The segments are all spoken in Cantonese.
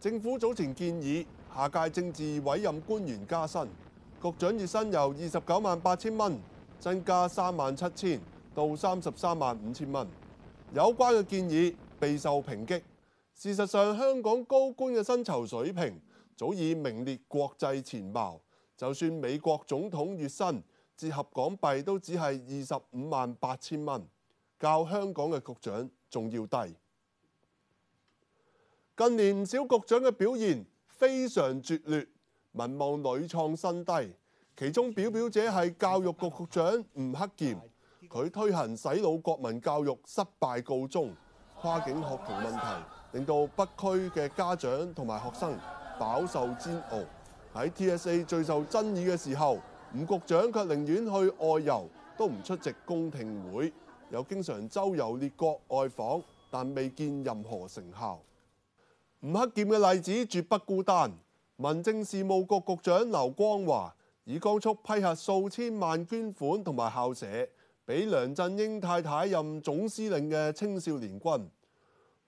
政府早前建議下屆政治委任官員加薪，局長月薪由二十九萬八千蚊增加三萬七千到三十三萬五千蚊。有關嘅建議備受抨擊。事實上，香港高官嘅薪酬水平早已名列國際前茅，就算美國總統月薪折合港幣都只係二十五萬八千蚊，較香港嘅局長仲要低。近年唔少局長嘅表現非常拙劣，民望屢創新低。其中表表者係教育局局長吳克儉，佢推行洗腦國民教育失敗告終，跨境學童問題令到北區嘅家長同埋學生飽受煎熬。喺 TSA 最受爭議嘅時候，吳局長卻寧願去外遊都唔出席公聽會，又經常周遊列國外訪，但未見任何成效。吳克儉嘅例子絕不孤單。民政事務局局長劉光華以光速批核數千萬捐款，同埋校舍，俾梁振英太太任總司令嘅青少年軍。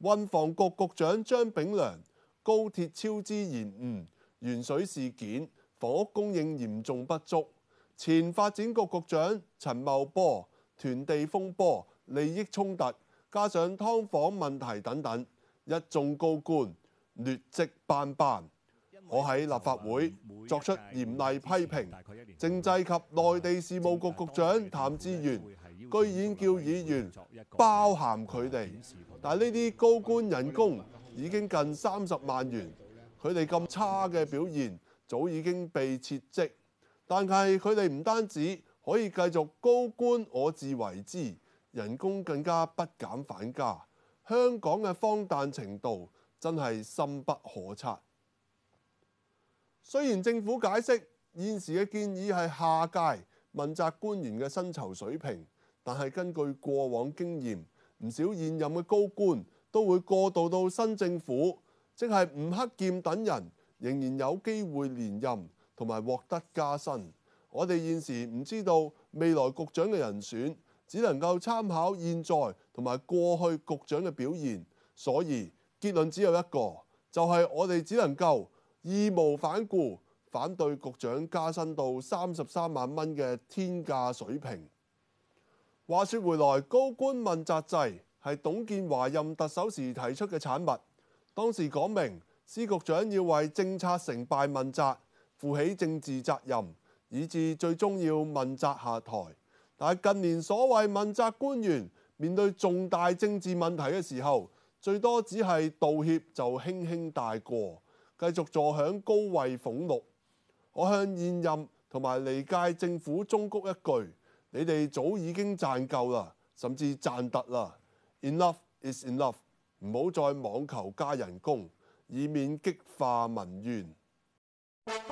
運房局局長張炳良高鐵超支延誤、鉛水事件、房屋供應嚴重不足。前發展局局長陳茂波囤地風波、利益衝突，加上劏房問題等等，一眾高官。劣迹斑斑，我喺立法會作出嚴厲批評。政制及內地事務局局長譚志源居然叫議員包含佢哋，但係呢啲高官人工已經近三十萬元，佢哋咁差嘅表現早已經被撤職，但係佢哋唔單止可以繼續高官我自為之，人工更加不減反加。香港嘅荒誕程度。真係深不可測。雖然政府解釋現時嘅建議係下屆問責官員嘅薪酬水平，但係根據過往經驗，唔少現任嘅高官都會過渡到新政府，即係吳克儉等人仍然有機會連任同埋獲得加薪。我哋現時唔知道未來局長嘅人選，只能夠參考現在同埋過去局長嘅表現，所以，結論只有一個，就係我哋只能夠義無反顧反對局長加薪到三十三萬蚊嘅天價水平。話說回來，高官問責制係董建華任特首時提出嘅產物，當時講明司局長要為政策成敗問責，負起政治責任，以致最終要問責下台。但近年所謂問責官員面對重大政治問題嘅時候，最多只係道歉就輕輕帶過，繼續坐享高位俸祿。我向現任同埋離界政府忠告一句：你哋早已經賺夠啦，甚至賺突啦。Enough is enough，唔好再網求加人工，以免激化民怨。